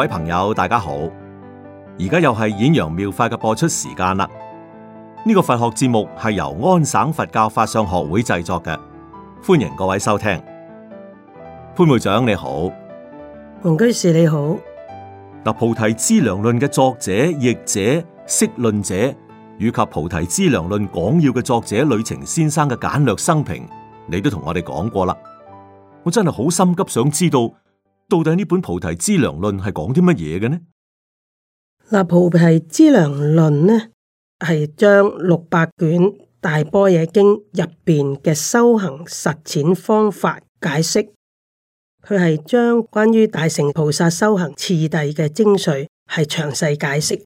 各位朋友，大家好！而家又係《演揚妙，妙法》嘅播出時間啦。呢、這個佛學節目係由安省佛教法相學會製作嘅，歡迎各位收聽。潘會長你好，黃居士你好。嗱，《菩提資糧論》嘅作者、譯者、釋論者，以及《菩提資糧論講要》嘅作者呂澄先生嘅簡略生平，你都同我哋講過啦。我真係好心急，想知道。到底呢本菩提資糧論係講啲乜嘢嘅呢？嗱，菩提資糧論呢係將六百卷大般若經入邊嘅修行實踐方法解釋，佢係將關於大乘菩薩修行次第嘅精髓係詳細解釋。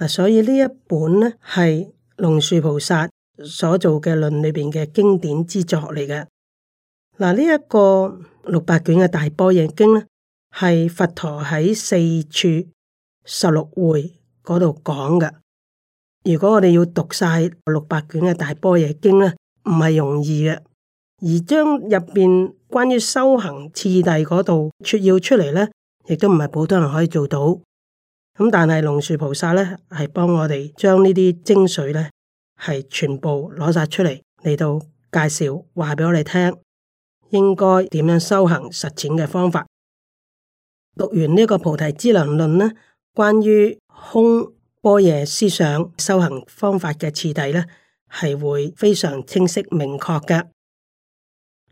嗱，所以呢一本呢係龍樹菩薩所做嘅論裏邊嘅經典之作嚟嘅。嗱，呢一個六百卷嘅大般若經咧，係佛陀喺四處十六會嗰度講嘅。如果我哋要讀晒六百卷嘅大般若經咧，唔係容易嘅。而將入面關於修行次第嗰度撮要出嚟咧，亦都唔係普通人可以做到。咁但係龍樹菩薩呢，係幫我哋將呢啲精髓呢，係全部攞晒出嚟嚟到介紹話俾我哋聽。應該點樣修行實踐嘅方法？讀完呢、這個菩提資糧論呢，關於空般若思想修行方法嘅次第呢，係會非常清晰明確嘅。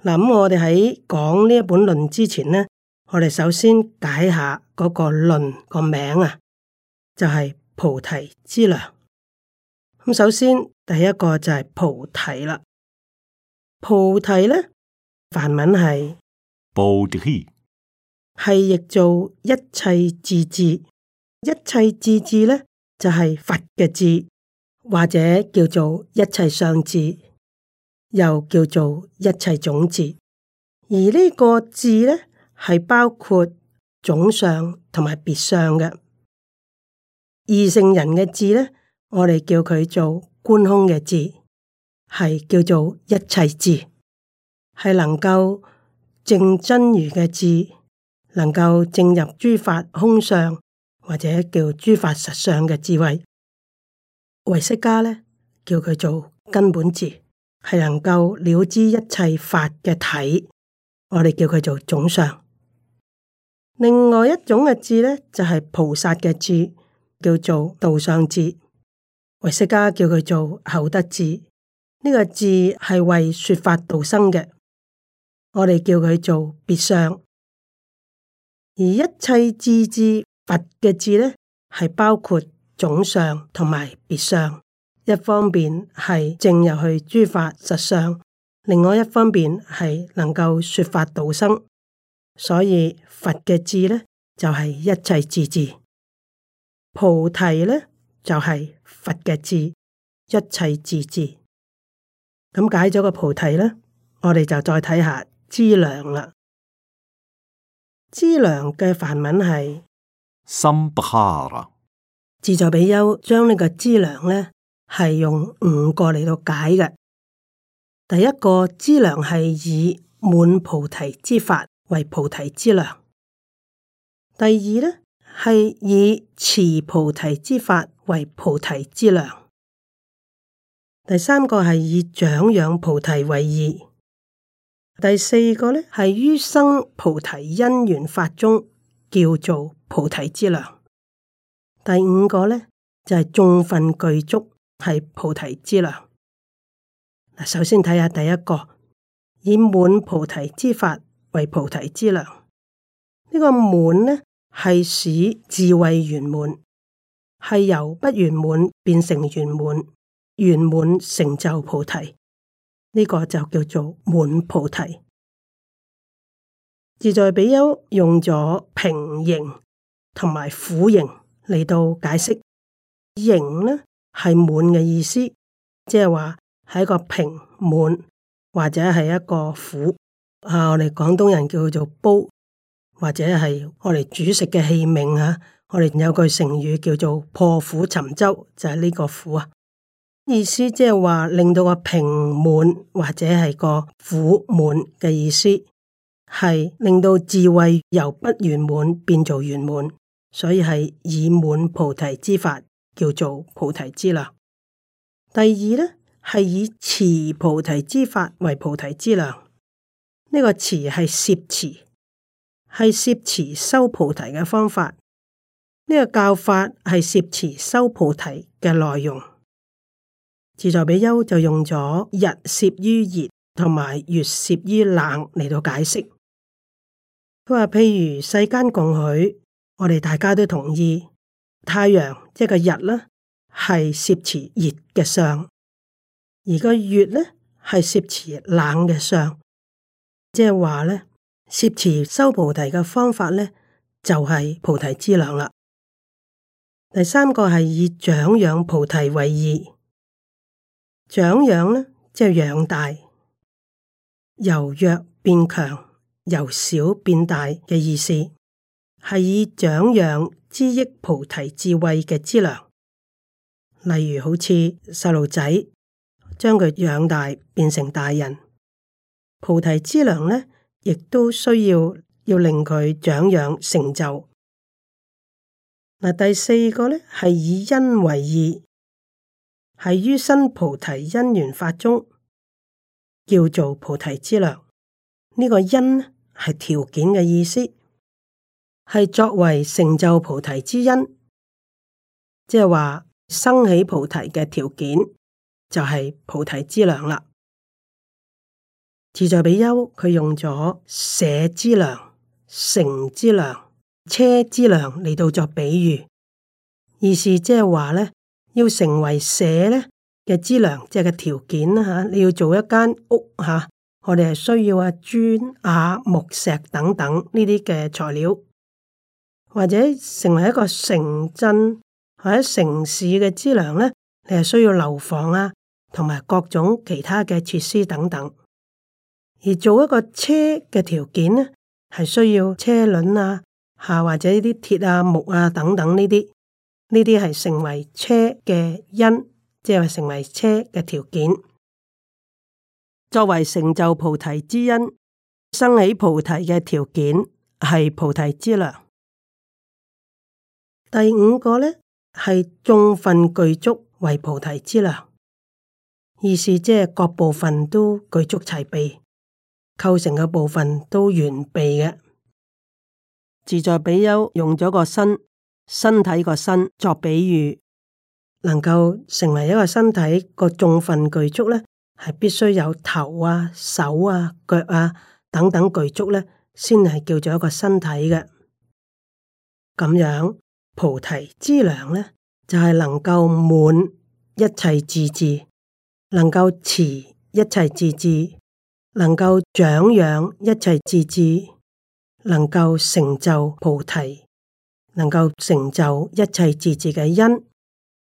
嗱、嗯，咁我哋喺講呢一本論之前呢，我哋首先解下嗰個論個名啊，就係、是、菩提資糧」嗯。咁首先第一個就係菩提啦，菩提呢。梵文係波迪希，係譯做一切智智。一切智智咧，就係、是、佛嘅智，或者叫做一切相智，又叫做一切種智。而呢個智咧，係包括總相同埋別相嘅。二乘人嘅智咧，我哋叫佢做觀空嘅智，係叫做一切智。係能夠證真如嘅智，能夠證入諸法空相或者叫諸法實相嘅智慧，唯識家咧叫佢做根本智，係能夠了知一切法嘅體。我哋叫佢做總相。另外一種嘅智咧就係、是、菩薩嘅智，叫做道相智。唯識家叫佢做後得智。呢、這個智係為說法度生嘅。我哋叫佢做別相，而一切智智佛嘅智咧，係包括總相同埋別相。一方面係證入去諸法實相，另外一方面係能夠說法度生。所以佛嘅智咧，就係、是、一切智智。菩提咧，就係、是、佛嘅智，一切智智。咁解咗個菩提咧，我哋就再睇下。資糧啦，資糧嘅梵文係 sambhāra。自在比丘將個呢個資糧」呢係用五個嚟到解嘅。第一個資糧」係以滿菩提之法為菩提之糧；第二呢係以持菩提之法為菩提之糧；第三個係以長養菩提為義。第四個呢係於生菩提因緣法中叫做菩提資糧。第五個呢就係眾分具足係菩提資糧。嗱，首先睇下第一個，以滿菩提之法為菩提資糧。呢個滿呢，係使智慧圓滿，係由不圓滿變成圓滿，圓滿成就菩提。呢個就叫做滿菩提。自在比丘用咗瓶形同埋釜形嚟到解釋形呢，係滿嘅意思，即係話係一個瓶滿，或者係一個釜。啊，我哋廣東人叫做煲，或者係我哋煮食嘅器皿啊。我哋有句成語叫做破釜沉舟，就係、是、呢個釜啊。意思即係話令到個平滿或者係個苦滿嘅意思，係令到智慧由不圓滿變做圓滿，所以係以滿菩提之法叫做菩提之糧。第二呢，係以持菩提之法為菩提之糧，呢個持係攝持，係攝持修菩提嘅方法。呢個教法係攝持修菩提嘅內容。自在比丘就用咗日攝於熱同埋月攝於冷嚟到解釋。佢話譬如世間共許，我哋大家都同意，太陽即係個日咧係攝持熱嘅相，而個月咧係攝持冷嘅相。即係話咧，攝持修菩提嘅方法咧就係、是、菩提之糧啦。第三個係以長養菩提為義。長養呢，即係養大，由弱變強，由小變大嘅意思，係以長養之益菩提智慧嘅資糧。例如好似細路仔，將佢養大變成大人，菩提資糧呢，亦都需要要令佢長養成就。嗱，第四個呢，係以因為義。係於新菩提因緣法中，叫做菩提之糧。呢、這個因係條件嘅意思，係作為成就菩提之因，即係話生起菩提嘅條件就係菩提之糧啦。自在比丘佢用咗舍之糧、成之糧、車之糧嚟到作比喻，意思即係話咧。要成為社咧嘅資糧，即係嘅條件吓，你要做一間屋吓，我哋係需要啊磚、瓦、木、石等等呢啲嘅材料，或者成為一個城鎮或者城市嘅資糧咧，你係需要樓房啊，同埋各種其他嘅設施等等。而做一個車嘅條件咧，係需要車輪啊，吓或者呢啲鐵啊、木啊等等呢啲。呢啲係成為車嘅因，即係成為車嘅條件，作為成就菩提之因，生起菩提嘅條件係菩提之糧。第五個呢，係眾分具足為菩提之糧，意思即係各部分都具足齊備，構成嘅部分都完備嘅。自在比丘用咗個身。身體個身作比喻，能夠成為一個身體個眾分具足咧，係必須有頭啊、手啊、腳啊等等具足咧，先係叫做一個身體嘅。咁樣菩提資糧咧，就係、是、能夠滿一切自治，能夠持一切自治，能夠長養一切自治，能夠成就菩提。能夠成就一切智智嘅因，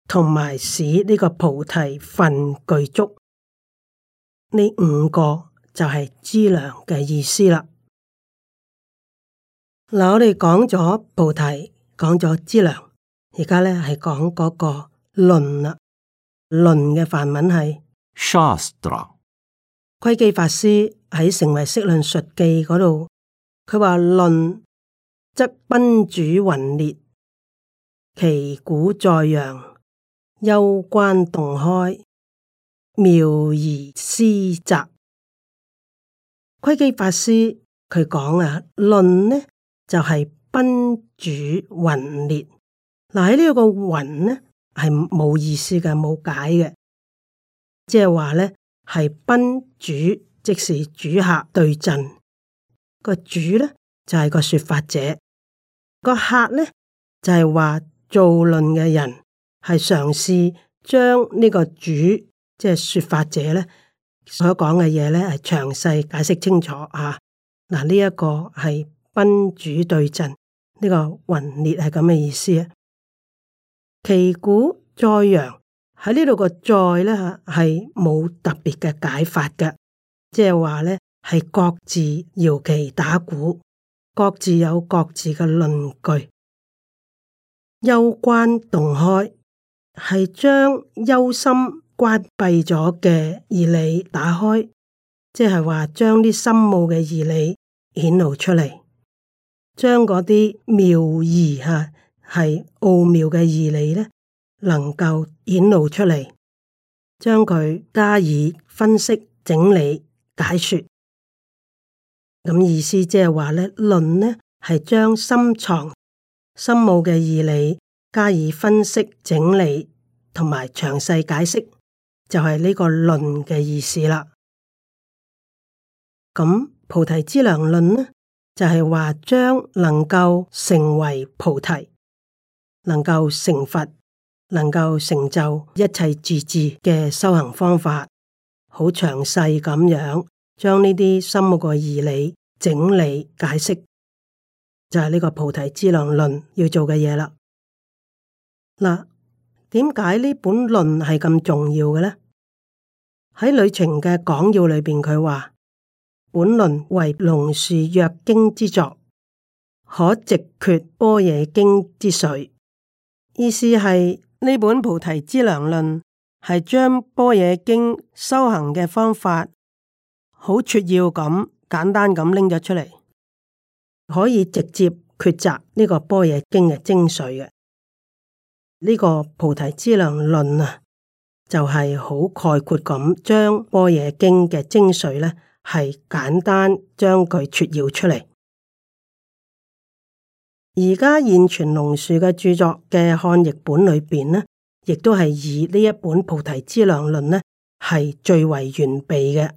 同埋使呢個菩提份具足，呢五個就係資糧嘅意思啦。嗱，我哋講咗菩提，講咗資糧，而家咧係講嗰個論啦。論嘅梵文係 shastra。窺基法師喺《成唯識論述記》嗰度，佢話論。則賓主云裂，其鼓在揚，幽關洞開，妙而思集。窺基法師佢講啊，論呢就係、是、賓主云裂。嗱喺呢個云呢係冇意思嘅，冇解嘅，即係話呢係賓主，即是主客對陣。個主呢就係、是、個說法者。個客咧就係、是、話造論嘅人係嘗試將呢個主，即係說法者咧所講嘅嘢咧係詳細解釋清楚吓。嗱呢一個係賓主對陣呢、這個雲列係咁嘅意思啊。奇鼓載揚，喺呢度個載咧吓係冇特別嘅解法嘅，即係話咧係各自搖旗打鼓。各自有各自嘅論據。幽關洞開係，將幽深關閉咗嘅義理打開，即係話將啲深奧嘅義理顯露出嚟，將嗰啲妙義吓係奧妙嘅義理咧，能夠顯露出嚟，將佢加以分析、整理、解說。咁意思即係話咧，論咧係將深藏深奧嘅義理加以分析、整理同埋詳細解釋，就係呢個論嘅意思啦。咁菩提資糧論呢，就係話將能夠成為菩提、能夠成佛、能夠成就一切智智嘅修行方法，好詳細咁樣。將呢啲深奧嘅義理整理解釋，就係、是、呢個菩提資糧論要做嘅嘢啦。嗱，點解呢本論係咁重要嘅呢？喺旅程嘅講要裏邊，佢話本論為龍樹若經之作，可直決般若經之髓」，意思係呢本菩提資糧論係將般若經修行嘅方法。好撮要咁簡單咁拎咗出嚟，可以直接抉擇呢、這個般若經嘅精髓嘅。呢、這個菩提資糧論啊，就係、是、好概括咁將般若經嘅精髓呢，係簡單將佢撮要出嚟。而家現存龍樹嘅著作嘅漢譯本裏邊呢，亦都係以呢一本菩提資糧論呢，係最為完備嘅。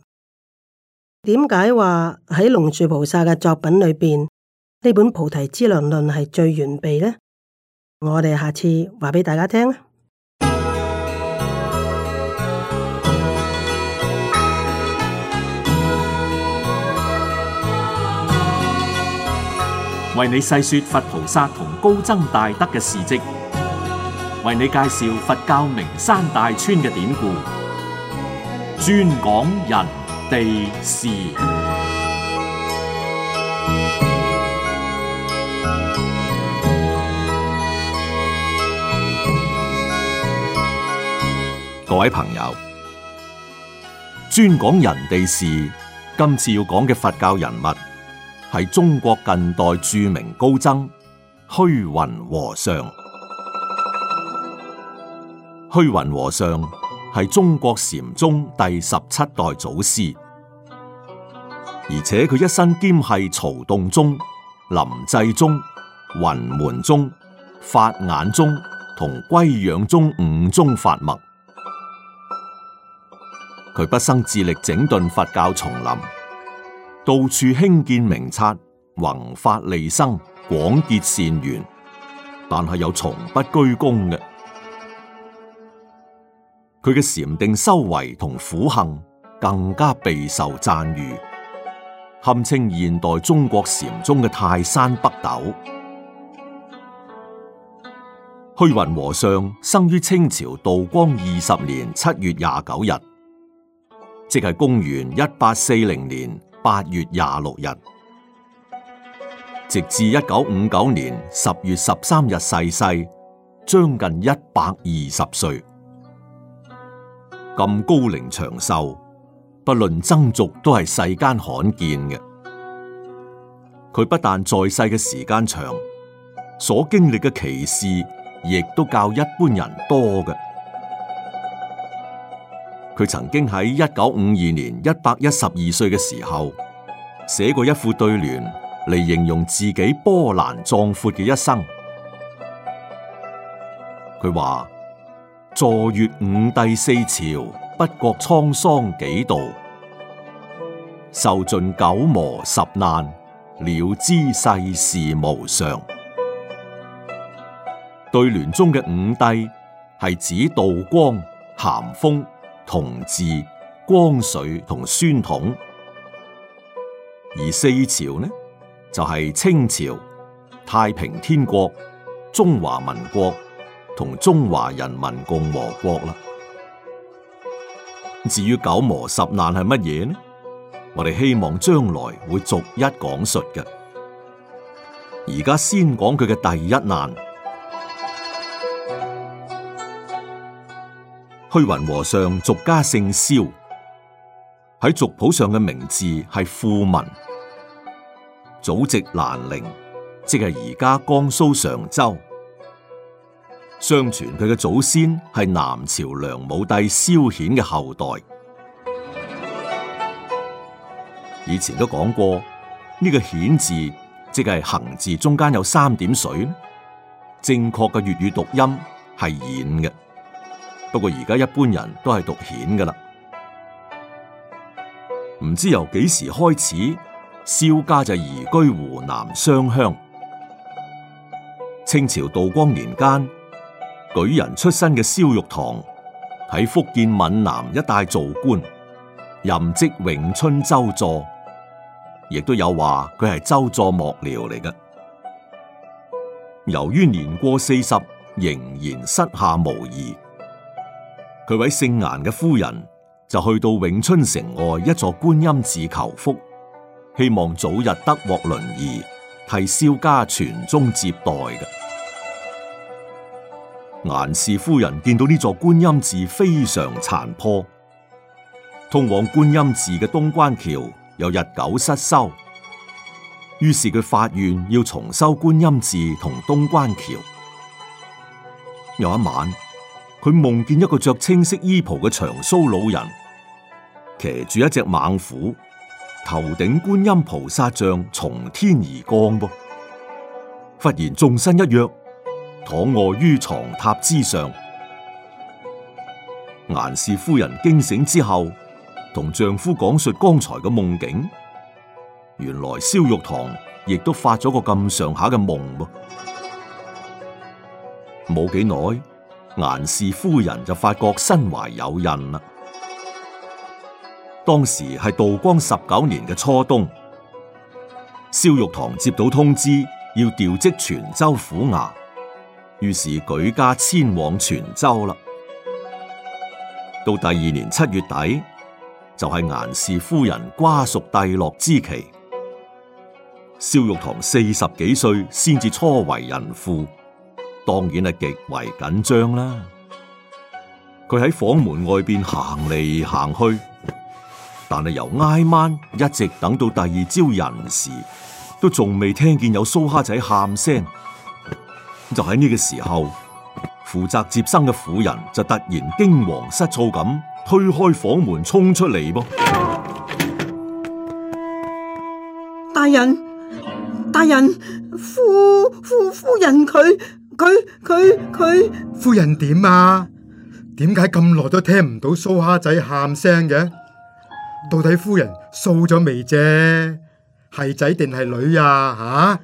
點解話喺龍樹菩薩嘅作品裏邊，呢本菩提資糧論係最完備呢？我哋下次話俾大家聽啦。為你細說佛菩薩同高僧大德嘅事迹，為你介紹佛教名山大川嘅典故，專講人。地士各位朋友，專講人地事。今次要講嘅佛教人物，係中國近代著名高僧虛雲和尚。虛雲和尚係中國禪宗第十七代祖師。而且佢一生兼係曹洞宗、臨濟宗、雲門宗、法眼宗同溈仰宗五宗法脈，佢不生致力整頓佛教叢林，到處興建名刹，弘法利生，廣結善緣，但係又從不居功嘅。佢嘅禪定修為同苦行更加備受讚譽。堪稱現代中國禪宗嘅泰山北斗虛雲和尚，生於清朝道光二十年七月廿九日，即係公元一八四零年八月廿六日，直至一九五九年十月十三日逝世，將近一百二十歲，咁高齡長壽。不論僧俗都係世間罕見嘅，佢不但在世嘅時間長，所經歷嘅奇事亦都較一般人多嘅。佢曾經喺一九五二年一百一十二歲嘅時候，寫過一副對聯嚟形容自己波瀾壯闊嘅一生。佢話：坐閱五帝四朝。不覺滄桑幾度，受盡九磨十難，了知世事無常。對聯中嘅五帝係指道光、咸豐、同治、光緒同宣統，而四朝呢就係清朝、太平天國、中華民國同中華人民共和國啦。至於九磨十難係乜嘢呢？我哋希望將來會逐一講述嘅。而家先講佢嘅第一難，虛雲和尚俗家姓蕭，喺族譜上嘅名字係富民，祖籍蘭陵，即係而家江蘇常州。相傳佢嘅祖先係南朝梁武帝蕭衍嘅後代。以前都講過，呢、這個衍字即係行字中間有三點水，正確嘅粵語讀音係演嘅。不過而家一般人都係讀顯噶啦。唔知由幾時開始，蕭家就移居湖南湘鄉。清朝道光年間，舉人出身嘅蕭玉堂喺福建閩南一帶做官，任職永春州助，亦都有話佢係州助幕僚嚟嘅。由於年過四十仍然膝下無兒，佢位姓顏嘅夫人就去到永春城外一座觀音寺求福，希望早日得獲麟兒，替蕭家傳宗接代嘅。顏氏夫人見到呢座觀音寺非常殘破，通往觀音寺嘅東關橋又日久失修，於是佢發願要重修觀音寺同東關橋。有一晚，佢夢見一個着青色衣袍嘅長鬚老人，騎住一隻猛虎，頭頂觀音菩薩像從天而降噃，忽然縱身一躍，躺臥於床榻之上，顏氏夫人驚醒之後，同丈夫講述剛才嘅夢境。原來蕭玉堂亦都發咗個咁上下嘅夢噃。冇幾耐，顏氏夫人就發覺身懷有孕啦。當時係道光十九年嘅初冬，蕭玉堂接到通知要調職泉州府衙。於是舉家遷往泉州啦。到第二年七月底，就係、是、顏氏夫人瓜熟蒂落之期。蕭玉堂四十幾歲先至初為人父，當然係極為緊張啦。佢喺房門外邊行嚟行去，但係由挨晚一直等到第二朝人時，都仲未聽見有蘇蝦仔喊聲。就喺呢個時候，負責接生嘅婦人就突然驚惶失措咁推開房門衝出嚟噃！大人，大人，夫夫夫人佢佢佢佢夫人點啊？點解咁耐都聽唔到蘇蝦仔喊聲嘅？到底夫人生咗未啫？係仔定係女啊？吓、啊！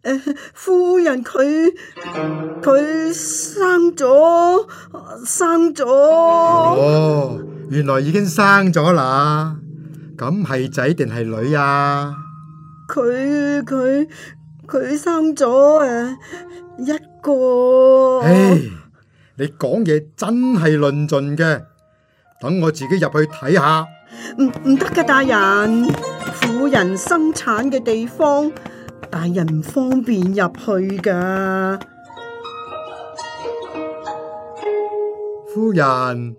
誒、呃，夫人佢佢生咗，啊、生咗，哦，原來已經生咗啦，咁係仔定係女啊？佢佢佢生咗誒、啊、一個。唉，你講嘢真係論盡嘅，等我自己入去睇下。唔唔得㗎，大人，婦人生產嘅地方。大人唔方便入去噶，夫人，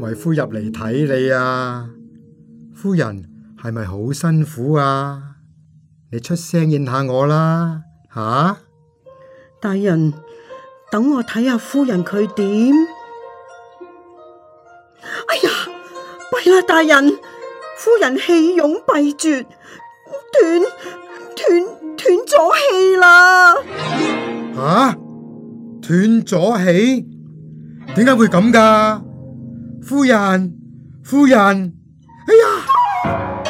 為夫入嚟睇你啊！夫人係咪好辛苦啊？你出聲應下我啦！吓、啊，大人，等我睇下夫人佢點。哎呀，弊啦，大人，夫人氣勇閉絕，斷斷。斷斷斷咗氣啦！吓、啊，斷咗氣，點解會咁噶？夫人，夫人，哎呀，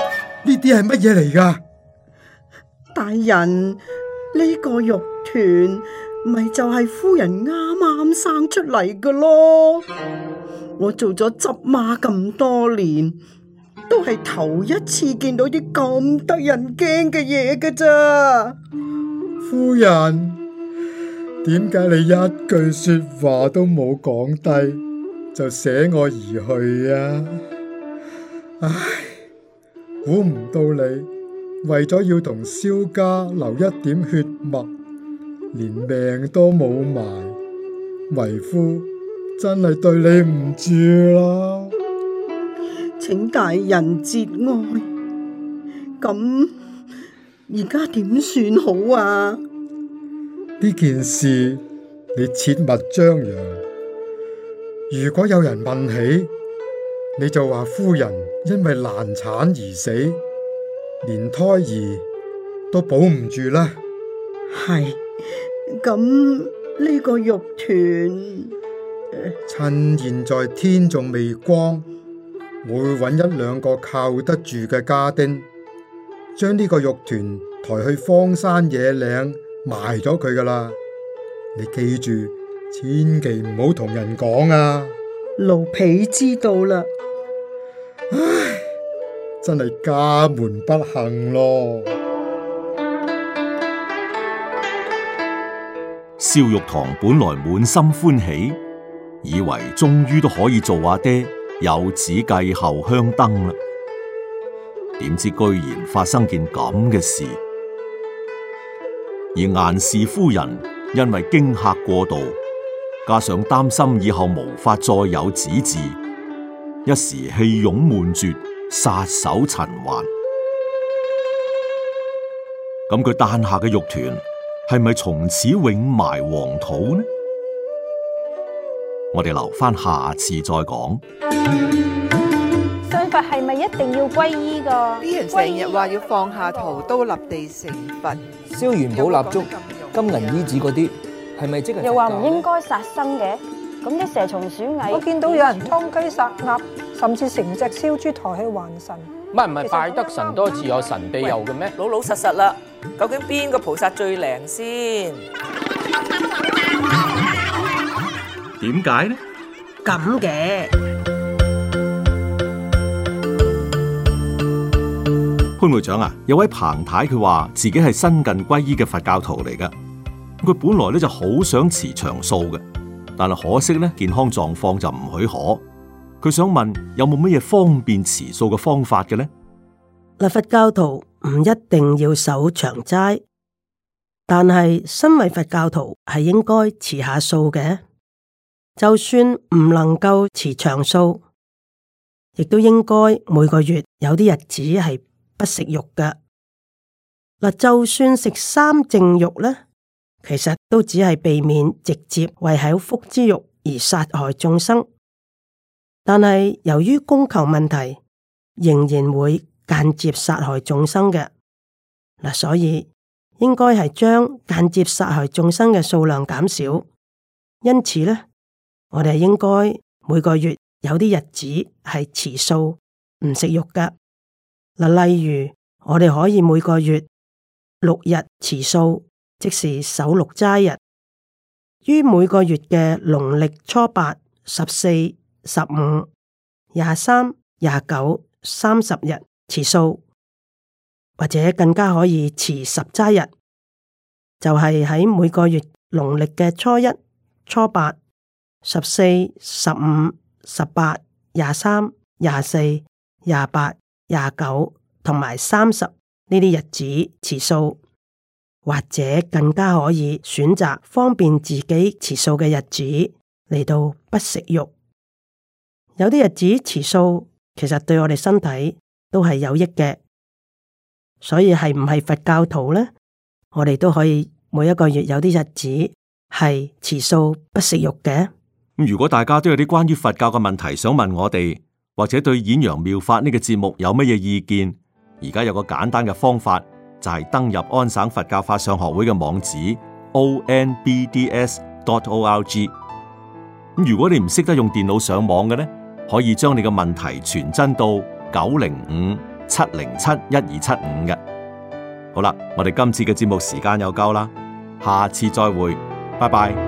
呢啲係乜嘢嚟噶？大人，呢、呢個肉團咪就係夫人啱啱生出嚟噶咯？我做咗執馬咁多年。都係頭一次見到啲咁得人驚嘅嘢㗎咋。夫人，點解你一句說話都冇講低，就捨我而去啊？唉，估唔到你為咗要同蕭家留一點血脈，連命都冇埋，為夫真係對你唔住啦！請大人節哀。咁而家點算好啊？呢件事你切勿張揚。如果有人問起，你就話夫人因為難產而死，連胎兒都保唔住啦。係，咁呢、這個肉團，呃、趁現在天仲未光。我會揾一兩個靠得住嘅家丁，將呢個肉團抬去荒山野嶺埋咗佢噶啦。你記住，千祈唔好同人講啊！奴婢知道啦。唉，真係家門不幸咯。蕭玉堂本來滿心歡喜，以為終於都可以做阿爹。有子繼後香燈啦，點知居然發生件咁嘅事。而顏氏夫人因為驚吓過度，加上擔心以後無法再有子嗣，一時氣湧悶絕，撒手塵寰。咁佢誕下嘅肉團係咪從此永埋黃土呢？我哋留翻下次再講。信佛係咪一定要皈依㗎？啲人成日話要放下屠刀立地成佛，燒元寶蠟燭、金銀衣紙嗰啲，係咪即係？又話唔應該殺生嘅，咁啲蛇蟲鼠蟻，我見到有人殺雞殺鴨，甚至成隻燒豬抬去還神。唔係唔係，拜得神多自有神庇佑嘅咩？老老實實啦，究竟邊個菩薩最靈先？點解呢？咁嘅潘會長啊，有位彭太佢話自己係新近皈依嘅佛教徒嚟噶，佢本來咧就好想持長素嘅，但係可惜咧健康狀況就唔許可，佢想問有冇乜嘢方便持素嘅方法嘅呢？嗱，佛教徒唔一定要守長齋，但係身為佛教徒係應該持下素嘅。就算唔能夠持長素，亦都應該每個月有啲日子係不食肉嘅。嗱，就算食三淨肉咧，其實都只係避免直接為口腹之欲而殺害眾生，但係由於供求問題，仍然會間接殺害眾生嘅。嗱，所以應該係將間接殺害眾生嘅數量減少。因此咧。我哋應該每個月有啲日子係持素唔食肉噶嗱，例如我哋可以每個月六日持素，即是首六齋日。於每個月嘅農曆初八、十四、十五、廿三、廿九、三十日持素，或者更加可以持十齋日，就係喺每個月農曆嘅初一、初八。十四、十五、十八、廿三、廿四、廿八、廿九同埋三十呢啲日子持素，持素或者更加可以選擇方便自己持素嘅日子嚟到不食肉。有啲日子持素，其實對我哋身體都係有益嘅。所以係唔係佛教徒呢？我哋都可以每一個月有啲日子係持素不食肉嘅。咁如果大家都有啲關於佛教嘅問題想問我哋，或者對《演揚妙法》呢個節目有乜嘢意見，而家有個簡單嘅方法，就係登入安省佛教法相學會嘅網址 o n b d s dot o r g。咁如果你唔識得用電腦上網嘅呢，可以將你嘅問題傳真到九零五七零七一二七五嘅。好啦，我哋今次嘅節目時間又夠啦，下次再會，拜拜。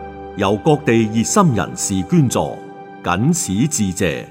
由各地熱心人士捐助，謹此致謝。